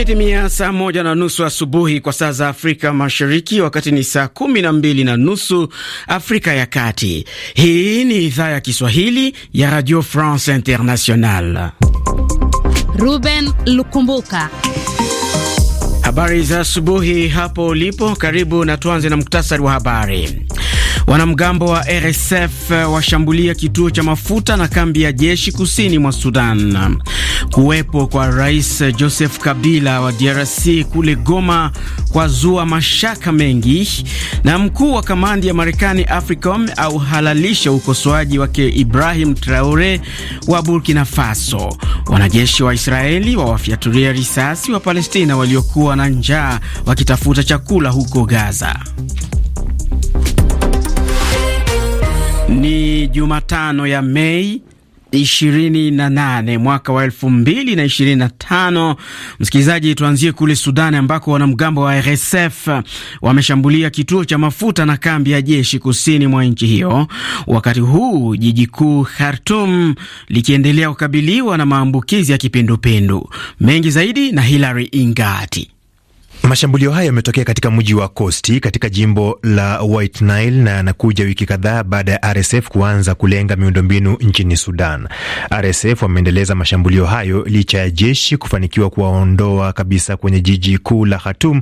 Imetimia saa moja na nusu asubuhi kwa saa za Afrika Mashariki, wakati ni saa kumi na mbili na nusu Afrika ya Kati. Hii ni idhaa ya Kiswahili ya Radio France International. Ruben Lukumbuka, habari za asubuhi hapo ulipo. Karibu na tuanze na muktasari wa habari. Wanamgambo wa RSF washambulia kituo cha mafuta na kambi ya jeshi kusini mwa Sudan. Kuwepo kwa Rais Joseph Kabila wa DRC kule Goma kwa zua mashaka mengi, na mkuu wa kamandi ya Marekani AFRICOM auhalalisha ukosoaji wake Ibrahim Traore wa Burkina Faso. Wanajeshi wa Israeli wawafyatulia risasi wa Palestina waliokuwa na njaa wakitafuta chakula huko Gaza. Ni Jumatano ya Mei ishirini na nane mwaka wa elfu mbili na ishirini na tano. Msikilizaji, tuanzie kule Sudani ambako wanamgambo wa RSF wameshambulia kituo cha mafuta na kambi ya jeshi kusini mwa nchi hiyo, wakati huu jiji kuu Khartum likiendelea kukabiliwa na maambukizi ya kipindupindu mengi zaidi na Hilary Ingati. Mashambulio hayo yametokea katika mji wa Kosti katika jimbo la White Nile na yanakuja wiki kadhaa baada ya RSF kuanza kulenga miundombinu nchini Sudan. RSF wameendeleza mashambulio hayo licha ya jeshi kufanikiwa kuwaondoa kabisa kwenye jiji kuu la Khartoum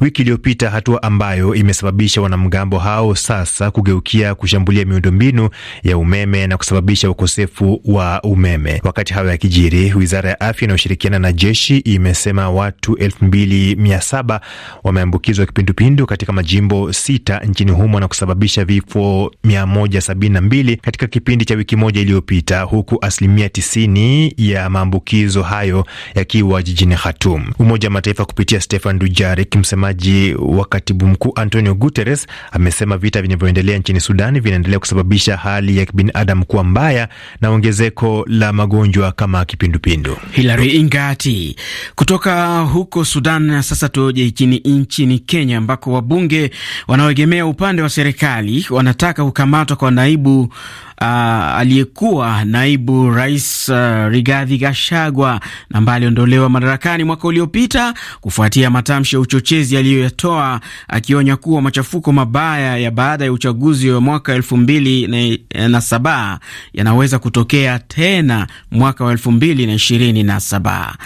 wiki iliyopita, hatua ambayo imesababisha wanamgambo hao sasa kugeukia kushambulia miundombinu ya umeme na kusababisha ukosefu wa umeme. Wakati hayo yakijiri, wizara ya afya inayoshirikiana na jeshi imesema watu elfu mbili mia saba saba wameambukizwa kipindupindu katika majimbo sita nchini humo na kusababisha vifo 172 katika kipindi cha wiki moja iliyopita, huku asilimia 90 ya maambukizo hayo yakiwa jijini Khartoum. Umoja wa Mataifa kupitia Stefan Dujarik, msemaji wa katibu mkuu Antonio Guterres, amesema vita vinavyoendelea nchini Sudani vinaendelea kusababisha hali ya kibinadamu kuwa mbaya na ongezeko la magonjwa kama kipindupindu. Hilary Ingati kutoka huko Sudan. Sasa tu lililoje nchini nchini Kenya ambako wabunge wanaoegemea upande wa serikali wanataka kukamatwa kwa naibu uh, aliyekuwa naibu rais uh, Rigathi Gachagua na ambaye aliondolewa madarakani mwaka uliopita kufuatia matamshi ya uchochezi aliyoyatoa akionya kuwa machafuko mabaya ya baada ya uchaguzi wa mwaka elfu mbili na, eh, na saba yanaweza kutokea tena mwaka wa elfu mbili na ishirini na saba.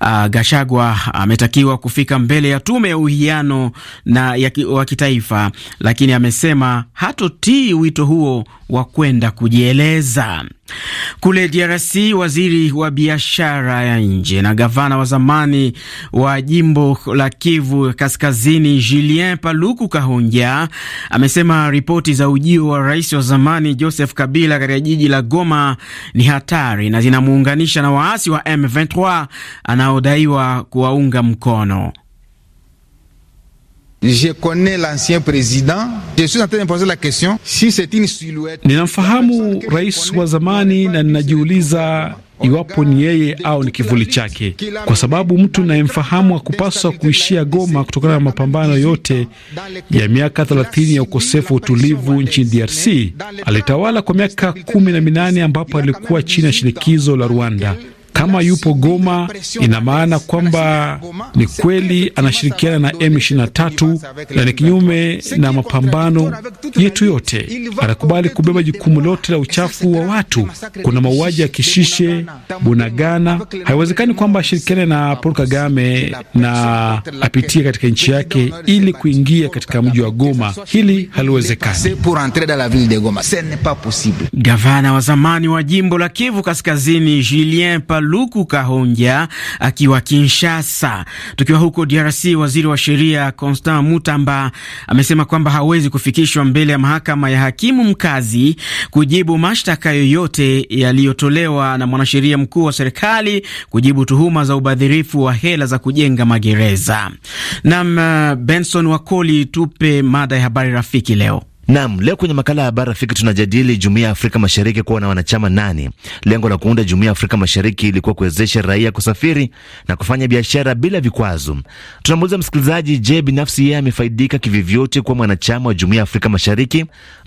Uh, Gachagua ametakiwa kufika mbele ya tume ya uhiano na ya, wa kitaifa, lakini amesema hatotii wito huo wa kwenda kujieleza. Kule DRC, waziri wa biashara ya nje na gavana wa zamani wa jimbo la Kivu Kaskazini, Julien Paluku Kahunja, amesema ripoti za ujio wa rais wa zamani Joseph Kabila katika jiji la Goma ni hatari na zinamuunganisha na waasi wa M23 anaodaiwa kuwaunga mkono. Je connais l'ancien président. Je suis en train de poser la question si c'est une silhouette. Ninamfahamu rais wa zamani na ninajiuliza iwapo ni yeye au ni kivuli chake, kwa sababu mtu nayemfahamu hakupaswa kuishia Goma kutokana na mapambano yote ya miaka 30 ya ukosefu wa utulivu nchini DRC. Alitawala kwa miaka kumi na minane ambapo alikuwa chini ya shinikizo la Rwanda. Kama yupo Goma, ina maana kwamba ni kweli anashirikiana na M23 na ni kinyume na mapambano yetu yote. Anakubali kubeba jukumu lote la uchafu wa watu. Kuna mauaji ya Kishishe, Bunagana. Haiwezekani kwamba ashirikiane na Paul Kagame na apitie katika nchi yake ili kuingia katika mji wa Goma. Hili haliwezekani. Gavana wa zamani wa jimbo la Kivu Kaskazini Julien Luku Kahonja akiwa Kinshasa. Tukiwa huko DRC, waziri wa sheria Constant Mutamba amesema kwamba hawezi kufikishwa mbele ya mahakama ya hakimu mkazi kujibu mashtaka yoyote yaliyotolewa na mwanasheria mkuu wa serikali kujibu tuhuma za ubadhirifu wa hela za kujenga magereza. Nam eh, Benson Wakoli, tupe mada ya habari rafiki leo. Naam, leo kwenye makala ya habari rafiki tunajadili jumuiya ya Afrika Mashariki kuwa na wanachama nane. Lengo la kuunda jumuiya ya Afrika Mashariki ilikuwa kuwezesha raia kusafiri na kufanya biashara bila vikwazo. Tunamuuliza msikilizaji, je, binafsi yeye amefaidika kivivyote kuwa mwanachama wa jumuiya ya Afrika Mashariki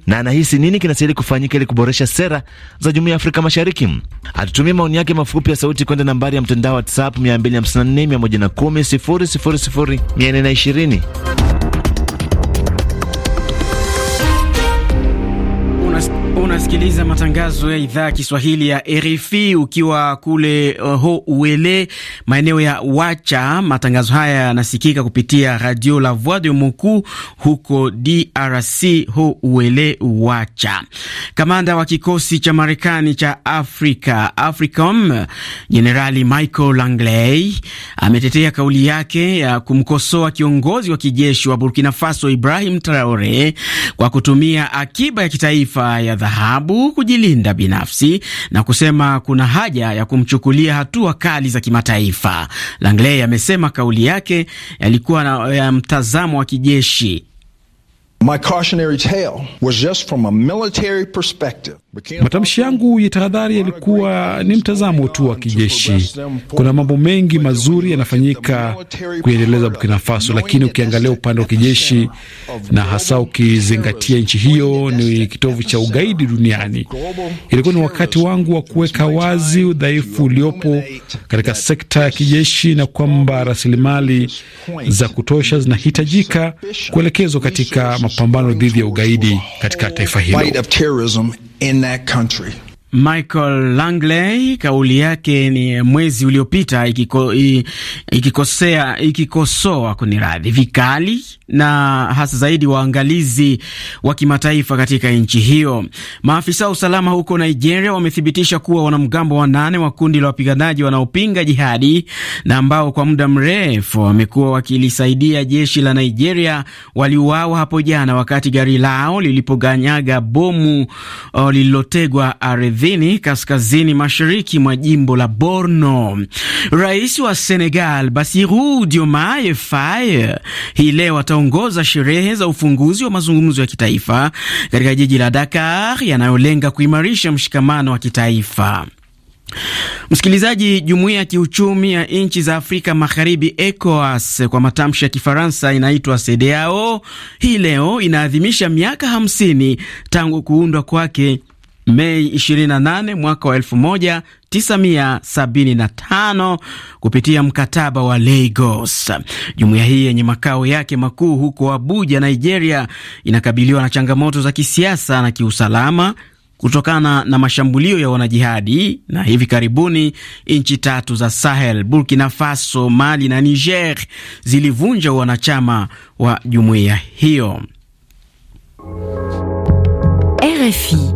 na anahisi nini kinastahili kufanyika ili kuboresha sera za jumuiya ya Afrika Mashariki? Atutumie maoni yake mafupi ya sauti kwenda nambari ya mtandao WhatsApp 254 110 000 420. Unasikiliza matangazo ya idhaa ya Kiswahili ya RFI ukiwa kule uh, ho uele maeneo ya Wacha. Matangazo haya yanasikika kupitia Radio La Voix de Moku huko DRC, ho uele Wacha. Kamanda wa kikosi cha Marekani cha Africa AFRICOM, Jenerali Michael Langley ametetea kauli yake ya kumkosoa kiongozi wa kijeshi wa Burkina Faso Ibrahim Traore kwa kutumia akiba ya kitaifa ya dhahabu sababu kujilinda binafsi na kusema kuna haja ya kumchukulia hatua kali za kimataifa. Langley amesema kauli yake yalikuwa na ya mtazamo wa kijeshi My cautionary tale was just from a military perspective. Matamshi yangu ya tahadhari yalikuwa ni mtazamo tu wa kijeshi. Kuna mambo mengi mazuri yanafanyika kuiendeleza Burkina Faso, lakini ukiangalia upande wa kijeshi na hasa ukizingatia nchi hiyo ni kitovu cha ugaidi duniani, ilikuwa ni wakati wangu wa kuweka wazi udhaifu uliopo katika sekta ya kijeshi na kwamba rasilimali za kutosha zinahitajika kuelekezwa katika mapambano dhidi ya ugaidi katika taifa hilo. Michael Langley, kauli yake ni mwezi uliopita ikiko, ikikosea ikikosoa radhi vikali na hasa zaidi waangalizi wa kimataifa katika nchi hiyo. Maafisa wa usalama huko Nigeria wamethibitisha kuwa wanamgambo wanane wa kundi la wapiganaji wanaopinga jihadi na ambao kwa muda mrefu wamekuwa wakilisaidia jeshi la Nigeria waliuawa hapo jana wakati gari lao lilipoganyaga bomu uh, lililotegwa ardhi kaskazini kaskazini mashariki mwa jimbo la Borno. Rais wa Senegal Bassirou Diomaye Faye hii leo ataongoza sherehe za ufunguzi wa mazungumzo ya kitaifa katika jiji la Dakar yanayolenga kuimarisha mshikamano wa kitaifa. Msikilizaji, jumuiya ya kiuchumi ya nchi za Afrika Magharibi, ECOWAS kwa matamshi ya Kifaransa inaitwa CEDEAO, hii leo inaadhimisha miaka 50 tangu kuundwa kwake Mei 28 mwaka wa 1975 kupitia mkataba wa Lagos. Jumuiya hii yenye makao yake makuu huko Abuja, Nigeria, inakabiliwa na changamoto za kisiasa na kiusalama kutokana na mashambulio ya wanajihadi na hivi karibuni nchi tatu za Sahel, Burkina Faso, Mali na Niger zilivunja wanachama wa jumuiya hiyo. RFI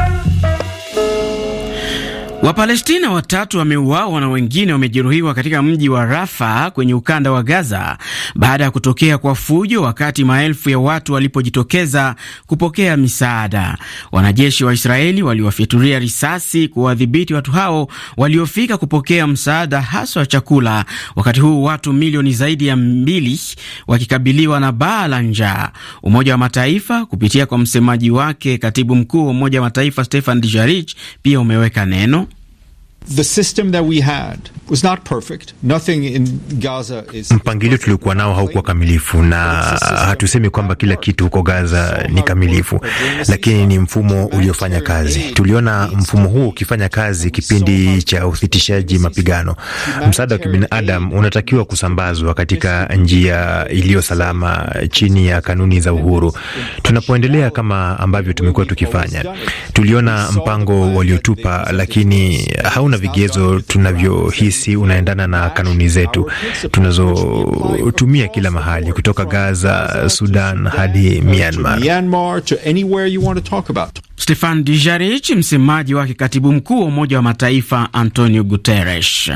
Wapalestina watatu wameuawa na wengine wamejeruhiwa katika mji wa Rafa kwenye ukanda wa Gaza baada ya kutokea kwa fujo, wakati maelfu ya watu walipojitokeza kupokea misaada. Wanajeshi wa Israeli waliwafyatulia risasi kuwadhibiti watu hao waliofika kupokea msaada, hasa wa chakula, wakati huu watu milioni zaidi ya mbili wakikabiliwa na baa la njaa. Umoja wa Mataifa kupitia kwa msemaji wake, katibu mkuu wa Umoja wa Mataifa Stefan Dijarich pia umeweka neno the system that we had Mpangilio tuliokuwa nao haukuwa kamilifu, na hatusemi kwamba kila kitu huko Gaza ni kamilifu, lakini ni mfumo uliofanya kazi. Tuliona mfumo huu ukifanya kazi kipindi cha uthitishaji mapigano. Msaada wa kibinadamu unatakiwa kusambazwa katika njia iliyo salama chini ya kanuni za uhuru. Tunapoendelea kama ambavyo tumekuwa tukifanya, tuliona mpango waliotupa, lakini hauna vigezo tunavyohisi sisi unaendana na kanuni zetu tunazotumia kila mahali, kutoka Gaza, Sudan hadi Myanmar. Stefan Dijarich, msemaji wake katibu mkuu wa Umoja wa Mataifa Antonio Guterres.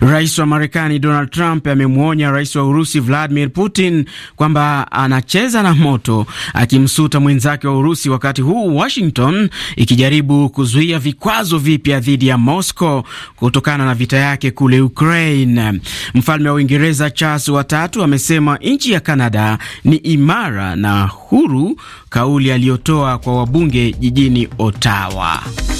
Rais wa Marekani Donald Trump amemwonya rais wa Urusi Vladimir Putin kwamba anacheza na moto, akimsuta mwenzake wa Urusi, wakati huu Washington ikijaribu kuzuia vikwazo vipya dhidi ya Moscow kutokana na vita yake kule Ukraine. Mfalme wa Uingereza Charles watatu amesema nchi ya Kanada ni imara na huru kauli aliyotoa kwa wabunge jijini Ottawa.